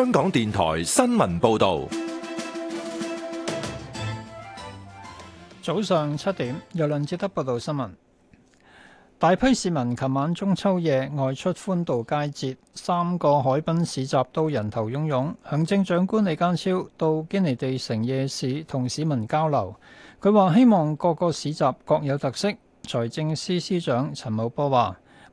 香港電台新聞報道，早上七點，尤論捷得報道新聞。大批市民琴晚中秋夜外出歡度佳節，三個海濱市集都人頭湧湧。行政長官李家超到堅尼地城夜市同市民交流，佢話希望各個市集各有特色。財政司司長陳茂波話，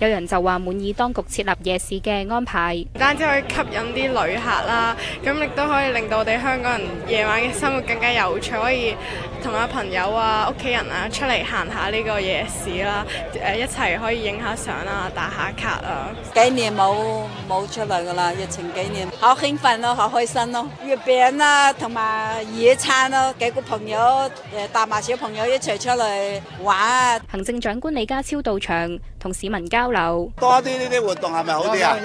有人就話滿意當局設立夜市嘅安排，唔單止可以吸引啲旅客啦，咁亦都可以令到我哋香港人夜晚嘅生活更加有趣，可以同下朋友啊、屋企人啊出嚟行下呢個夜市啦，誒，一齊可以影下相啊、打下卡啊。幾年冇冇出嚟噶啦。疫情幾年，好興奮咯，好開心咯，月餅啊，同埋野餐咯，幾個朋友誒帶埋小朋友一齊出嚟玩。行政長官李家超到場。同市民交流多啲呢啲活動係咪好啲啊？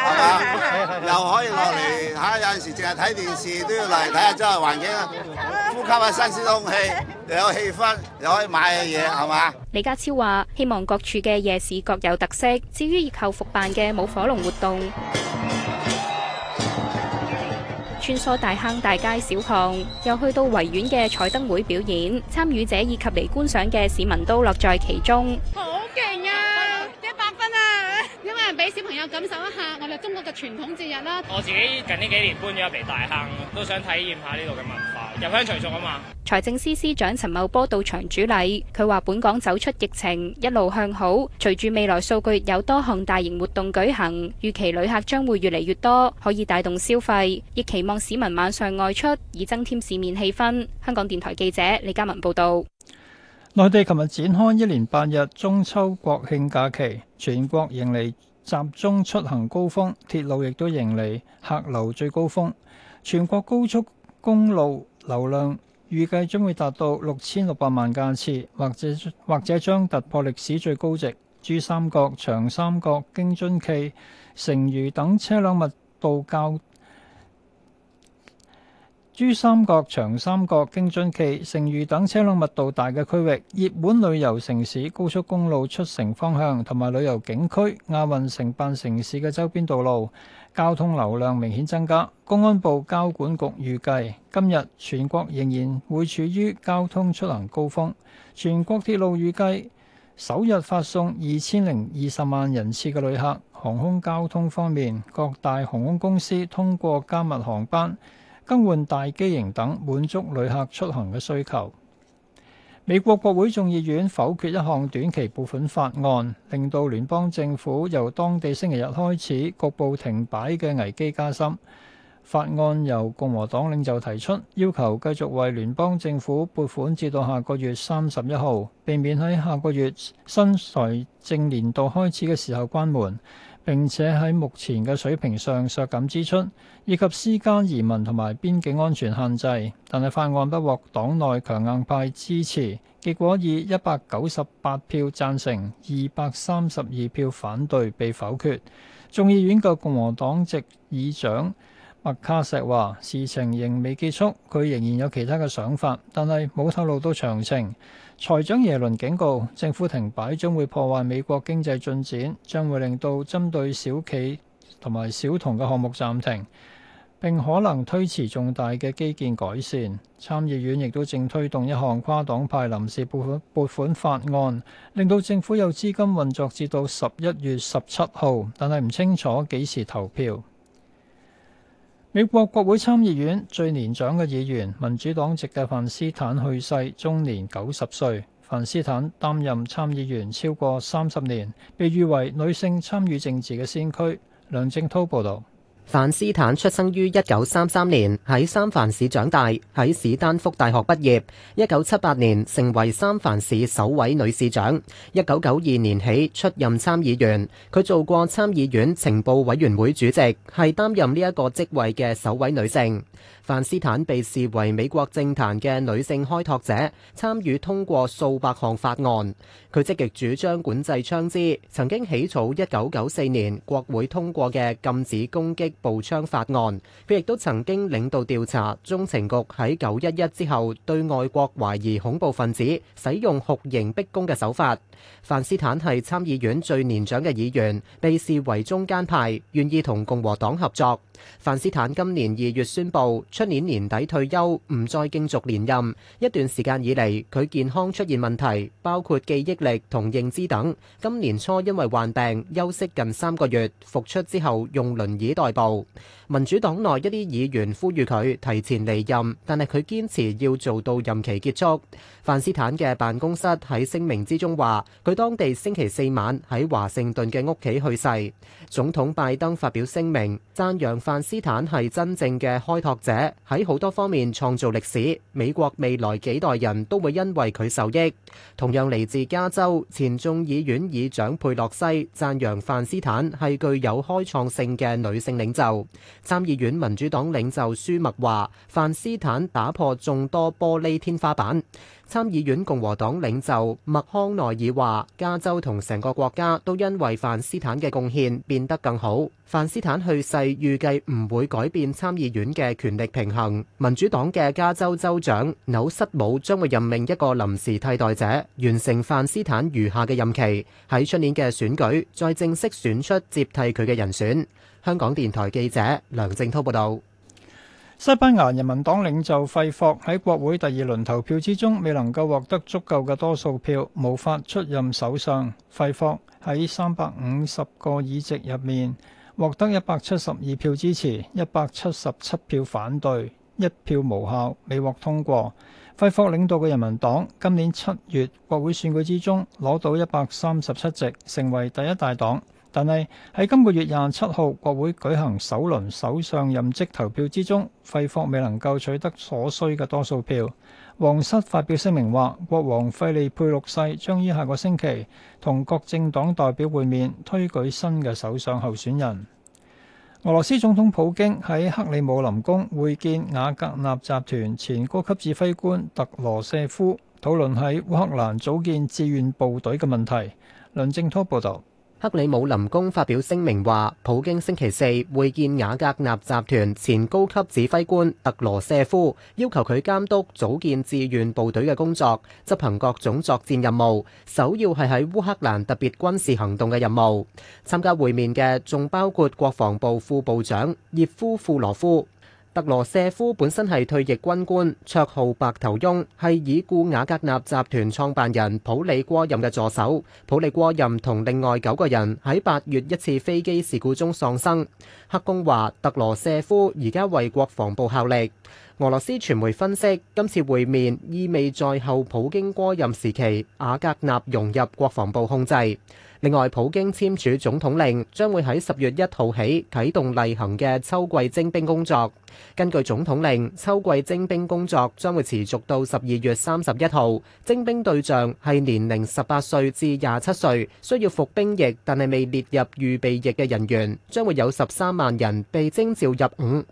係嘛，又可以落嚟睇下。有陣時淨係睇電視都要嚟睇下周圍環境啊，呼吸下新鮮空氣，又有氣氛，又可以買下嘢，係嘛？李家超話：希望各處嘅夜市各有特色。至於以後復辦嘅舞火龍活動，穿梭大坑大街小巷，又去到維園嘅彩燈會表演，參與者以及嚟觀賞嘅市民都樂在其中。感受一下我哋中國嘅傳統節日啦！我自己近呢幾年搬咗入嚟大坑，都想體驗下呢度嘅文化，入鄉隨俗啊嘛。財政司司長陳茂波到場主禮，佢話本港走出疫情一路向好，隨住未來數個月有多項大型活動舉行，預期旅客將會越嚟越多，可以帶動消費，亦期望市民晚上外出以增添市面氣氛。香港電台記者李嘉文報道。內地琴日展開一連八日中秋國慶假期，全國迎嚟。集中出行高峰，鐵路亦都迎嚟客流最高峰。全國高速公路流量預計將會達到六千六百萬架次，或者或者將突破歷史最高值。珠三角、長三角、京津冀、成渝等車輛密度較。珠三角、長三角、京津冀、成渝等車輛密度大嘅區域，熱門旅遊城市高速公路出城方向同埋旅遊景區、亞運承辦城市嘅周邊道路交通流量明顯增加。公安部交管局預計今日全國仍然會處於交通出行高峰。全國鐵路預計首日發送二千零二十萬人次嘅旅客。航空交通方面，各大航空公司通過加密航班。更換大機型等，滿足旅客出行嘅需求。美國國會眾議院否決一項短期撥款法案，令到聯邦政府由當地星期日開始局部停擺嘅危機加深。法案由共和黨領袖提出，要求繼續為聯邦政府撥款至到下個月三十一號，避免喺下個月新財政年度開始嘅時候關門。並且喺目前嘅水平上削減支出，以及私家移民同埋邊境安全限制，但係法案不獲黨內強硬派支持，結果以一百九十八票贊成、二百三十二票反對被否決。眾議院嘅共和黨籍議長麥卡錫話：事情仍未結束，佢仍然有其他嘅想法，但係冇透露到詳情。財長耶倫警告，政府停擺將會破壞美國經濟進展，將會令到針對小企同埋小童嘅項目暫停，並可能推遲重大嘅基建改善。參議院亦都正推動一項跨黨派臨時撥撥款法案，令到政府有資金運作至到十一月十七號，但係唔清楚幾時投票。美國國會參議院最年長嘅議員、民主黨籍嘅范斯坦去世，終年九十歲。范斯坦擔任參議員超過三十年，被譽為女性參與政治嘅先驅。梁正濤報導。范斯坦出生於一九三三年，喺三藩市長大，喺史丹福大學畢業。一九七八年成為三藩市首位女市長。一九九二年起出任參議員，佢做過參議院情報委員會主席，係擔任呢一個職位嘅首位女性。范斯坦被視為美國政壇嘅女性開拓者，參與通過數百項法案。佢積極主張管制槍支，曾經起草一九九四年國會通過嘅禁止攻擊步槍法案，佢亦都曾經領導調查中情局喺九一一之後對外國懷疑恐怖分子使用酷刑逼供嘅手法。范斯坦係參議院最年長嘅議員，被視為中間派，願意同共和黨合作。范斯坦今年二月宣布，出年年底退休，唔再競逐連任。一段時間以嚟，佢健康出現問題，包括記憶力同認知等。今年初因為患病，休息近三個月，復出之後，用輪椅代步。民主黨內一啲議員呼籲佢提前離任，但係佢堅持要做到任期結束。范斯坦嘅辦公室喺聲明之中話，佢當地星期四晚，喺華盛頓嘅屋企去世。總統拜登發表聲明，范斯坦係真正嘅開拓者，喺好多方面創造歷史。美國未來幾代人都會因為佢受益。同樣嚟自加州，前眾議院議長佩洛西讚揚范斯坦係具有開創性嘅女性領袖。參議院民主黨領袖舒默話，范斯坦打破眾多玻璃天花板。參議院共和黨領袖麥康奈爾話：加州同成個國家都因為范斯坦嘅貢獻變得更好。范斯坦去世，預計唔會改變參議院嘅權力平衡。民主黨嘅加州州長紐瑟姆將會任命一個臨時替代者，完成范斯坦餘下嘅任期。喺出年嘅選舉再正式選出接替佢嘅人選。香港電台記者梁正滔報道。西班牙人民黨領袖費霍喺國會第二輪投票之中，未能夠獲得足夠嘅多數票，無法出任首相。費霍喺三百五十個議席入面，獲得一百七十二票支持，一百七十七票反對，一票無效，未獲通過。費霍領導嘅人民黨今年七月國會選舉之中，攞到一百三十七席，成為第一大黨。但係喺今個月廿七號國會舉行首輪首相任職投票之中，費霍未能夠取得所需嘅多數票。皇室發表聲明話，國王費利佩六世將於下個星期同各政黨代表會面，推舉新嘅首相候選人。俄羅斯總統普京喺克里姆林宮會見瓦格納集團前高級指揮官特羅謝夫，討論喺烏克蘭組建志願部隊嘅問題。梁正濤報道。克里姆林宮發表聲明話，普京星期四會見瓦格納集團前高級指揮官特羅謝夫，要求佢監督組建志願部隊嘅工作，執行各種作戰任務，首要係喺烏克蘭特別軍事行動嘅任務。參加會面嘅仲包括國防部副部長葉夫庫羅夫。特羅謝夫本身係退役軍官，綽號白頭翁，係已故瓦格納集團創辦人普利戈任嘅助手。普利戈任同另外九個人喺八月一次飛機事故中喪生。克宮話，特羅謝夫而家為國防部效力。俄羅斯傳媒分析今次會面意味在後普京過任時期，瓦格納融入國防部控制。另外，普京簽署總統令，將會喺十月一號起啟動例行嘅秋季徵兵工作。根據總統令，秋季徵兵工作將會持續到十二月三十一號。徵兵對象係年齡十八歲至廿七歲，需要服兵役但係未列入預備役嘅人員，將會有十三萬人被徵召入伍。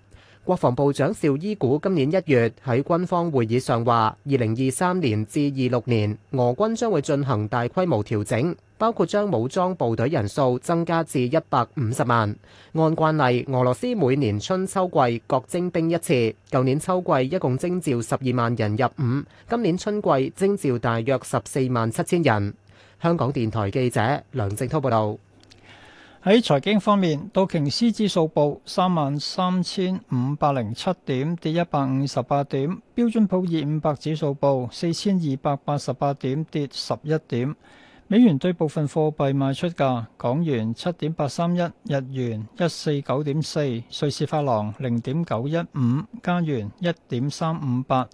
國防部長紹伊古今年一月喺軍方會議上話，二零二三年至二六年，俄軍將會進行大規模調整，包括將武裝部隊人數增加至一百五十萬。按慣例，俄羅斯每年春秋季各徵兵一次，舊年秋季一共徵召十二萬人入伍，今年春季徵召大約十四萬七千人。香港電台記者梁正濤報道。喺財經方面，道瓊斯指數報三萬三千五百零七點，跌一百五十八點；標準普爾五百指數報四千二百八十八點，跌十一點。美元對部分貨幣賣出價：港元七點八三一，日元一四九點四，瑞士法郎零點九一五，加元一點三五八，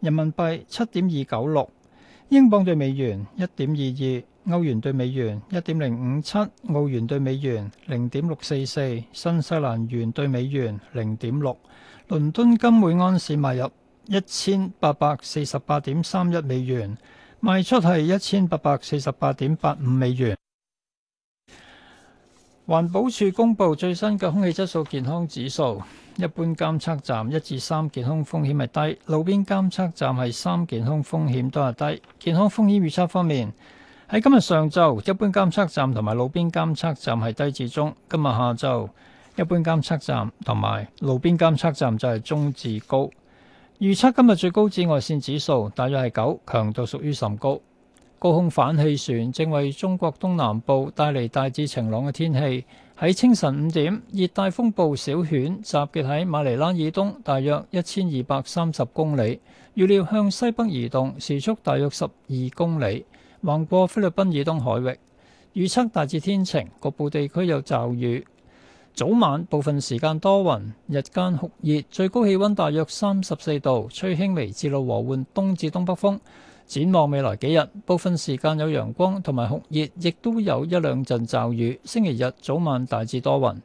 人民幣七點二九六。英鎊兌美元一點二二，歐元兌美元一點零五七，澳元兌美元零點六四四，新西蘭元兌美元零點六。倫敦金每安士買入一千八百四十八點三一美元，賣出係一千八百四十八點八五美元。環保署公布最新嘅空氣質素健康指數。一般監測站一至三，健康風險係低，路邊監測站係三，健康風險都係低。健康風險預測方面，喺今日上晝，一般監測站同埋路邊監測站係低至中；今日下晝，一般監測站同埋路邊監測站就係中至高。預測今日最高紫外線指數大約係九，強度屬於甚高。高空反氣旋正為中國東南部帶嚟大致晴朗嘅天氣。喺清晨五點，熱帶風暴小犬集結喺馬尼拉以東，大約一千二百三十公里，預料向西北移動，時速大約十二公里，橫過菲律賓以東海域。預測大致天晴，局部地區有驟雨，早晚部分時間多雲，日間酷熱，最高氣温大約三十四度，吹輕微至路和緩東至東北風。展望未來幾日，部分時間有陽光同埋酷熱，亦都有一兩陣驟雨。星期日早晚大致多雲。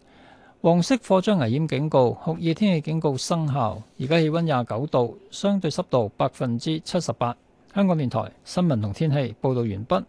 黃色火災危險警告、酷熱天氣警告生效。而家氣温廿九度，相對濕度百分之七十八。香港電台新聞同天氣報導完畢。